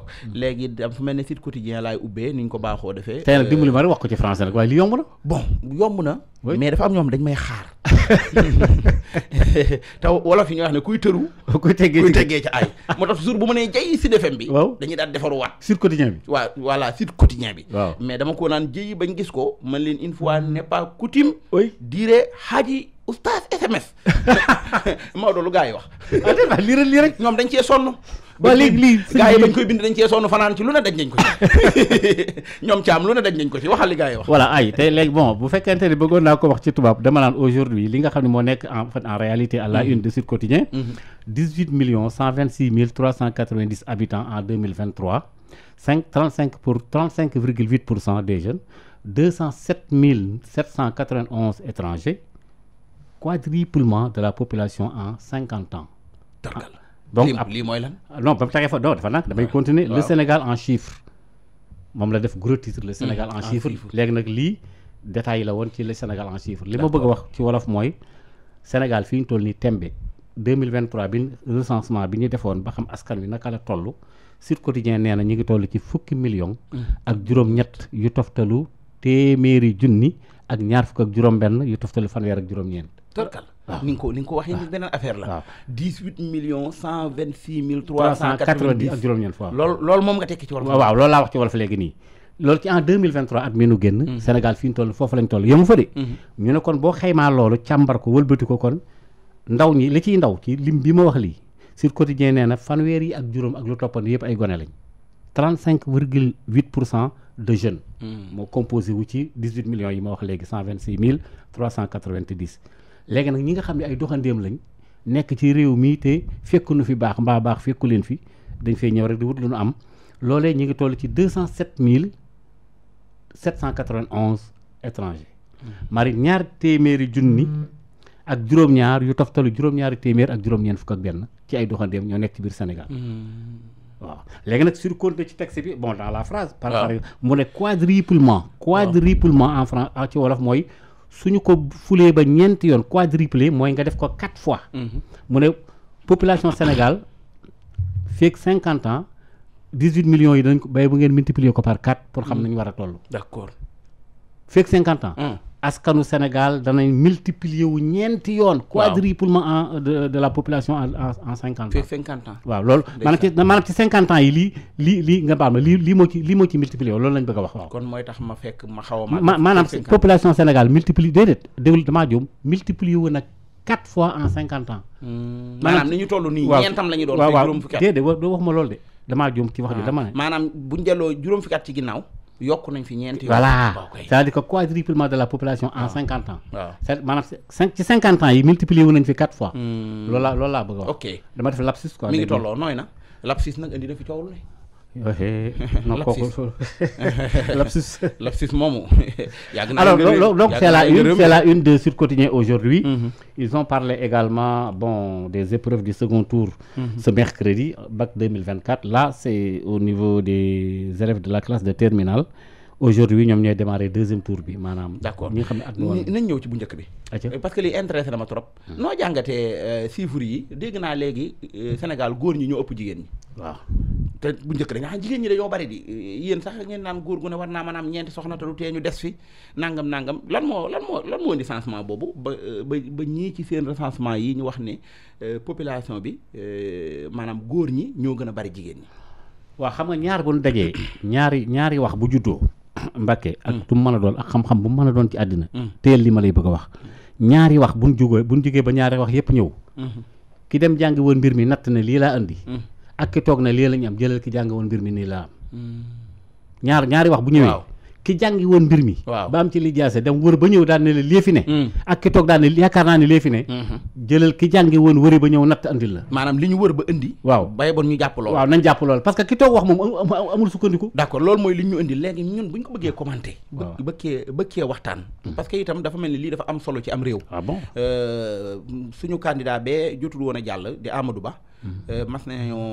Mm. léegi dam fu mel ne site quotidien laay ubbee ni ñu ko baaxoo defee. tey nag euh, dimbali ma rek wax ko ci français nag waaye li yomb na. bon yomb na. mais dafa am ñoom dañ may xaar. te wolof fi ñuy wax ne kuy tëru. kuy teggee kuy teggee ci ay. moo tax toujours bu ma nee jëy Sud FM bi. waaw dañuy daal defaruwaat. site quotidien bi. waaw voilà site quotidien bi. waaw mais dama ko naan jëyi bañ gis ko man leen une fois n'est pas coutume. oui dire xaaji oustaz SMS Maodo lu gars yi wax. ah lii rek lii ba léegi lii gars yi dañ koy bind dañ cee sonn fanaan ci lu ne daj nañ ko ci ñoom caam lu ne daj nañ ko ci waxal li gars yi wax voilà ay tey léegi bon bu fekkente ne bëggoon naa ko wax ci tubaab dama naan aujourd'hui li nga xam ne moo nekk en fait en réalité à la mm-hmm. une de Sud Quotidien 18 mm-hmm. millions 126 mille 390 habitants en 2023 5 35 pour 35 virgule 8 pour cent des jeunes 207 mille 791 étrangers quadruplement de la population en 50 ans donc lii mooy lan. non ba mu tegee nag damay ah. continuer le Sénégal en chiffre moom la def gros titre le Sénégal hmm. en chiffre léegi nag lii détails yi la woon ci le Sénégal en chiffre li ma bëgg a wax ci wolof mooy Sénégal fi ñu toll nii tembe 2023 bi recensement bi ñu defoon ba xam askan bi naka la toll Sud Quotidien nee na ñu ngi toll ci fukki million hmm. ak juróom-ñett yu toftalu téeméeri junni ak ñaar fukk ak juróom-benn yu toftalu fanweer ak juróom-ñeent Ah. ni nga ko ni nga ko waxee ni ah. beneen affaire la. waaw ah. dix huit millions cent vingt six mille trois cent quatre vingt dix ak juróom-ñeent fois. loolu moom nga tekki ci wolof. waaw loolu laa wax ci wolof léegi nii. loolu ci at mi génn. Mhm. Sénégal fi ñu toll foofu lañ toll yemu fa mhm. boo xaymaa loolu càmbar ko wëlbati ñi li ciy ndaw ci lim bi ma wax lii. sur nee na fanweer yi ak juróom ak lu toppan yëpp ay gone lañ. 35 virgule 8 pour cent de jeunes. Mhm. moo composé wu ci 18 millions yi ma wax léegi 126 mille 390. léegi nag ñi nga xam ne ay doxandéem lañ nekk ci réew mii te fekku nu fi baax mbaa baax fekku leen fi dañ fay ñëw rek di wut lu nu am loole ñu ngi toll ci deux cent sept mille sept cent quatre vingt onze étrangers hmm. mari ñaar téeméeri junni hmm. ak juróom-ñaar yu toftalu juróom-ñaari téeméer ak juróom-ñeent fukk ak benn ci ay doxandéem ñoo nekk ci biir Sénégal hmm. waaw léegi nag sur compte ci texte bi bon dans la phrase par exemple mu ne quadruplement quadruplement en France ci wolof mooy suñu ko fulee ba ñeenti yoon quadruplé mooy nga def ko quatre fois mhm. mu ne population Sénégal feeg cinquante ans dix huit millions yi dañ ko bay bu ngeen multiplier ko par quatre pour xam mhm. nañu war a toll d'accord feeg cinquante ans mhm. askanu Sénégal danañ multiplier wu ñeenti yoon. quadruplement en euh, de de la population en en cinquante ans. cinquante ans waaw loolu. maanaam ci cinquante ans yi lii lii lii nga baal ma lii lii moo ci lii moo ci multiplier loolu lañ bëgg a wax waaw. kon mooy tax ma fekk ma xaw a. maanaam population Sénégal multiplier déedéet déglu damaa juum multiplier wu nag quatre fois en cinquante ans. Hmm. maanaam ni ñu toll nii. waaw ñeentam la ñu doon. waaw waaw déedéet waxuma loolu de damaa juum ci wax bi ah. dama ne. maanaam buñ delloo juróom fukki at ci ginnaaw. yokk nañ fi ñeenti yoon. voilà c'est-à-dire que quadruplement de la population en ah. cinquante ans. waaw ah. maanaam cinq ci cinquante ans yi multiplier wu nañ fi quatre fois. Hmm. loolu laa loolu laa bëgg a wax. dama def lapsus quoi. mi ngi tolloo nooy na lapsus nag indi na fi coow lu ne. non kooku lapsus lapsus moomu yàgg na alors donc c'est la une c'est la une de Sud Quotidien aujourd'hui mm-hmm. ils ont parlé également bon des épreuves du second tour mm-hmm. ce mercredi bac 2024 là c'est au niveau des élèves de la classe de terminale aujourd'hui ñoom ñooy démarrer deuxième tour bi maanaam d'accord ñi nga xam ne at woon nañ ñëw ci bu njëkk bi parce que lii intéressé na ma trop mm. noo jàngatee euh, chiffres yi dégg naa léegi euh, Sénégal góor ñi ñoo ëpp jigéen ñi waaw te bu njëkk dañ xam jigéen ñi dañoo bari di yéen sax ngeen naan góor gu ne war naa mën a am ñeenti soxna te ñu des fi nangam nangam lan moo lan moo lan moo indi changement boobu ba ba ba ñii ci seen recensement yi ñu wax ne euh, population bi euh, maanaam góor ñi ñoo gën a bari jigéen ñi. waaw xam nga ñaar bu ñu dajee ñaari ñaari wax bu juddoo. Mbàkke ak tu mm. mën a doon ak xam-xam bu mën a doon ci àddina. Mm. teel li ma lay bëgg a wax. ñaari wax bu ñu jugee bu ñu jugee ba ñaari wax yépp ñëw. Mm-hmm. ki mbir mi natt ne lii ak ki toog na lii lañu am jëlal ki jàng mbir mi nii la am hmm. ñaar ñaari wax bu ñëwee ki jàngi woon mbir mi waaw ba am ci li jaase dem wër ba ñëw daan ne la lii ne hmm. ak ki daan ne yaakaar naa ne lii fi ne hmm. jëlal ki jàngi woon wëri ba ñëw natt andil la maanaam li ñu wër ba indi waaw bay bon ñu jàpp lool waaw nañ jàpp lool parce que ki toog wax moom amul sukkandiku d'accord loolu mooy li ñu indi léegi ñun bu ñu ko bëggee commenter bëggee bëggee waxtaan parce ni lii dafa am solo ci am réew ah bon euh, suñu candidat bee jotul woon a Euh, mas nañoo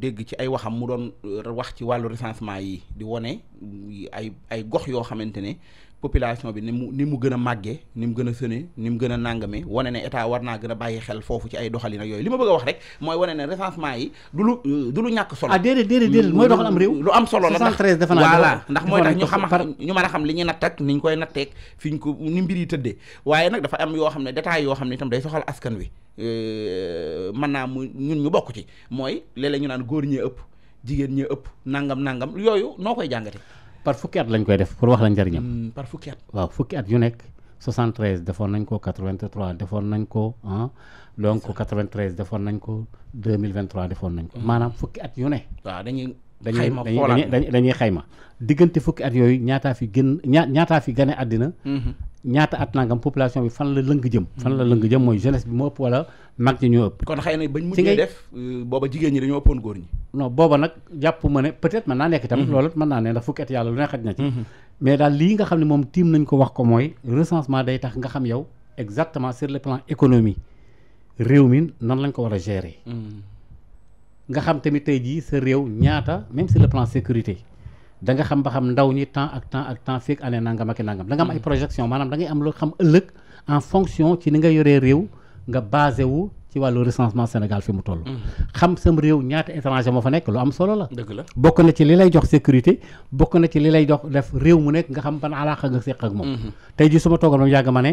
dégg ci ay waxam mu doon euh, wax ci wàllu recensement yi di wone ay ay gox yoo xamante ne population bi ni mu ni mu gën a màggee ni mu gën a sëne ni mu gën a nàngame wane ne état war naa gën a bàyyi xel foofu ci ay doxalin yooyu li ma bëgg a wax rek mooy wane ne recensement yi du lu euh, du lu ñàkk solo ah déedéet déedéet déedéet mooy doxal am réew lu am solo la ndax voilà ndax mooy tax ñu xam ñu mën a xam li ñuy natt ak ni ñu koy natteeg fi ñu ko ni mbir yi tëddee waaye nag dafa am yoo xam ne détails yoo xam ne itam day soxal askan wi mën naa mu ñun ñu bokk ci mooy léeg-léeg ñu naan góor ñee ëpp jigéen ñee ëpp nangam nangam yooyu noo koy jàngate par fukki at lañ koy def pour wax la njëriñam. Hmm, par fukki at waaw yu nekk 73 defoon nañ ko 83 defoon nañ ko ah donc 93 defoon nañ ko 2023 defoon nañ ko. Hmm. maanaam fukki at yu ne. waaw dañuy xayma dañuy dañuy xayma diggante fukki at yooyu ñaataa fi gën ñaataa fi gane àddina. Hmm. ñaata at nangam population bi fan la lëng jëm fan la lëng jëm mooy jeunesse bi moo ëpp wala mag ñi ñoo ëpp kon xëy na bañ mujjee def euh, booba jigéen ñi dañoo ëppoon góor ñi no booba nag jàpp ma ne peut-être mën naa nekk itam mhm. loolu mën naa ne ndax fukki at yàlla lu ne xaj na ci mhm. mais daal lii nga xam ne moom tiim nañ ko wax ko mooy recensement day tax nga xam yow exactement sur le plan économie réew mi nan lañ ko war a gérer mhm. nga xam tamit tey jii sa réew ñaata même sur le plan da nga xam ba xam ndaw ñi temps ak temps ak temps fekk année nangam ak nangam da am ay mm. projection maanaam da ngay am loo xam ëllëg en fonction ci ni nga yoree réew nga basé wu ci wàllu recensement Sénégal fi mu toll mm. xam sam réew ñaata étranger moo fa nekk lu am solo la dëgg la bokk na ci li lay jox sécurité bokk na ci li lay jox def réew mu nekk nga xam ba ban alaaxa nga séq ak moom mm-hmm. tey ji suma ma toogoon yàgg ma ne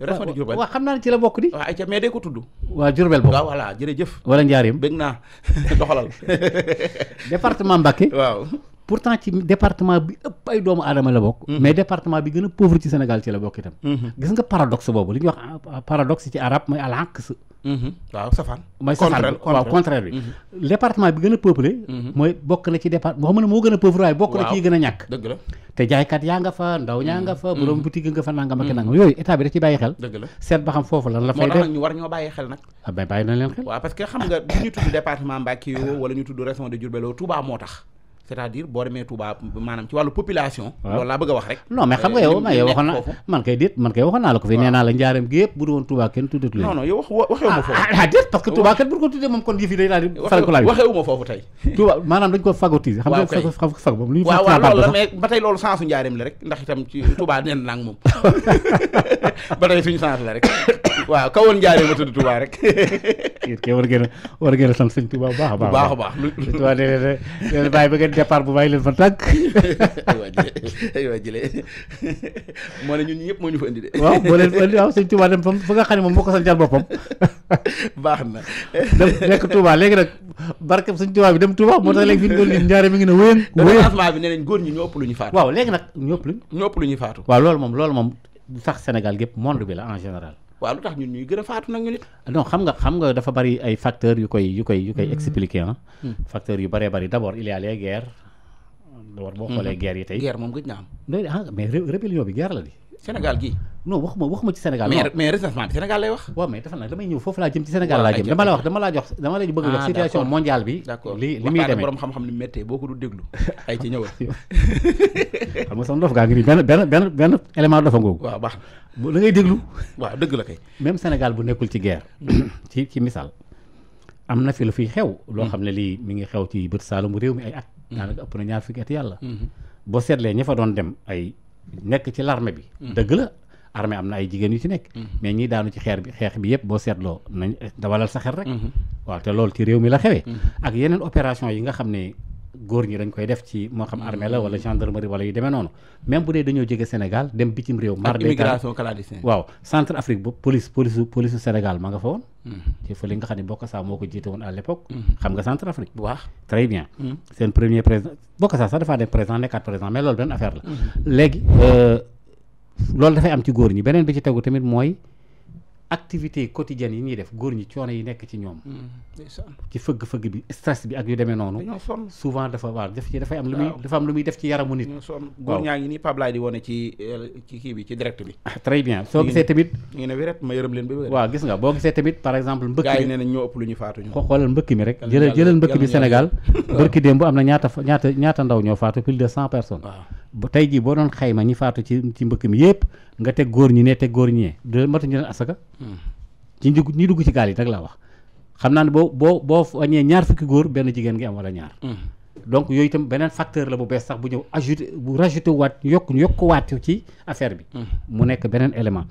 région de xam naa ne ci la bokk di waaw ayca mais day ko tudd waaw Diourbel bokk waaw voilà jërëjëf wala Njaareem bëgg naa doxalal département Mbacké waaw pourtant ci département bi ëpp ay doomu aadama la bokk mhm. mais département bi gën a pauvre ci Sénégal ci la bokk itam mhm. gis nga paradoxe boobu li ñuy wax ah, paradoxe ci arab mooy al aqs Mm-hmm. waaw safaan. mooy safaan waaw contraire bi. Mm-hmm. département bi gën a peuplé. Mm-hmm. mooy bokk na ci départ boo xam ne moo gën a peuplé bokk na ci gën a ñàkk. dëgg la te jaaykat yaa nga fa ndaw ñaa nga fa. borom boutique nga fa nangam ak nangam yooyu état bi da ci bàyyi xel. dëgg la seet ba xam foofu lan la fay def moo tax ñu war ñoo bàyyi xel nag. ah bàyyi na leen xel. parce que xam nga bu ñu tudd département Mbacke wala ñu tudd région de Diourbel Touba moo tax c'est-à-dire boo demee Touba maanaam ci wàllu population. loolu laa bëgg a wax rek. non mais xam nga euh, yow man yow man kay déet man kay waxoon la ko fi. nee la njaareem gi yëpp bu doon Touba kenn tuddatu ah, ah, kenn bu ko ko fagotiser. xam nga fag lu ñu. waaw waaw loolu la mais ba tey loolu sensu njaareem la rek ndax itam a war a baax a baax. bu baax a baax départ bu bàyyi leen fa tàgg. aywa jële aywa jële moo ne ñun ñëpp moo ñu fa indi de. waaw boo leen fa indi dem fa fa nga xam ne moom moo ko sancal boppam. baax na. dem nekk Touba léegi nag barkeb sëñ Touba bi dem Touba moo tax léegi fi ñu doon nii njaare mi ngi ne wéyang. wéyang dafa bi ne leen góor ñi lu ñu faatu. waaw léegi nag ñoo ëpp lu ñu. ëpp lu ñu faatu. waaw loolu moom loolu moom sax Sénégal gépp monde bi la en général waaw lu tax ñun ñuy gën a faatu nag ñu nit non xam nga xam nga dafa bari ay facteurs yu koy yu koy yu koy mm-hmm. expliquer ah facteurs yu bëree bëri d' abord il y a boo mm-hmm. xoolee geer yi tey guerre moom gëj na am mais ah, rébellion bi geer la di Sénégal gii non waxuma waxuma ci Sénégal. mais mais recensement bi Sénégal lay wax. waaw mais dafa nag damay ñëw foofu laa jëm ci Sénégal laa jëm dama la wax dama laa jox dama la bëgg a jox ah, bi. li li muy demee boo ko du déglu ay ci dëgg la kay. même Sénégal bu nekkul ci guerre. Mm. ci ci misaal am na fi lu fiy xew. Mm. loo xam ne lii mu ngi xew ci bët mu réew mi ay at. Mm. daanaka ëpp na ñaar fukki at yàlla. Mm-hmm. boo seetlee ña fa doon dem ay nekk ci l'armée bi. dëgg la armée am na ay jigéen yu ci nekk mm-hmm. mais ñi daanu ci xeer bi xeex bi yëpp boo seetloo nañ dawalal sa xel rek mm-hmm. waaw te loolu ci réew mi la xewee mm-hmm. ak yeneen opération yi nga xam ne góor ñi dañ koy def ci moo xam armée la wala gendarmerie wala yu demee noonu même bu dee waaw centre Afrique bu police police Sénégal ma nga fa woon ci fële nga xam ne Bokassa moo ko jiite woon à l'époque xam nga centre Afrique bu baax très bien seen premier nekkaat président mais loolu benn affaire la léegi euh, loolu dafay am ci góor ñi beneen bi ci tegu tamit mooy activités yi quotidiennes yi ñuy def góor ñi coono yi nekk ci ñoom. Mm, ci fëgg-fëgg bi stress bi ak yu demee noonu. souvent dafa waaw def ci dafay am lu muy dafa am lu muy def ci yaramu nit. góor ñaa ngi nii Pape Laye eh, ah, soo gisee tamit. ñu ne wéret ma yërëm leen ba waaw gis nga boo gisee tamit par exemple. mbëkk mi gars yi nee nañ ñoo ëpp lu ñu faatu ñu. xoolal mbëkk mi rek jëlal jëlal mbëkk mi Sénégal barki démb am na ñaata ñaata ñaata ndaw ñoo faatu plus de cent personnes. tey jii boo doon xayma ñi faatu ci mbëkk mi yëpp nga teg góor ñi ne teg góor ñi ne matuñu leen asaka ci dugg ñi dugg ci gaal yi rek laa wax xam naa ne boo boo boo wàññee ñaar fukki góor benn jigéen ngi am wala ñaar mm. donc yooyu itam beneen facteur la bu bees sax bu ñëw ajouté bu rajouté waat yokk yokk waat ci affaire bi mm. mu nekk beneen élément